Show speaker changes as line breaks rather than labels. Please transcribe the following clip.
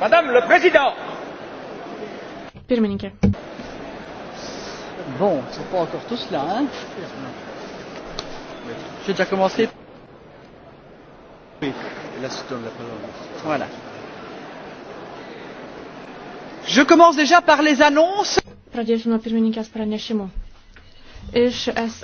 Madame le Président.
Pirmininkė. Bon, c'est pas encore tout cela, hein J'ai déjà commencé.
Oui, et là, je donne la parole. Voilà.
Je commence déjà par les annonces. Pradėsiu nuo pirmininkės pranešimų. Iš S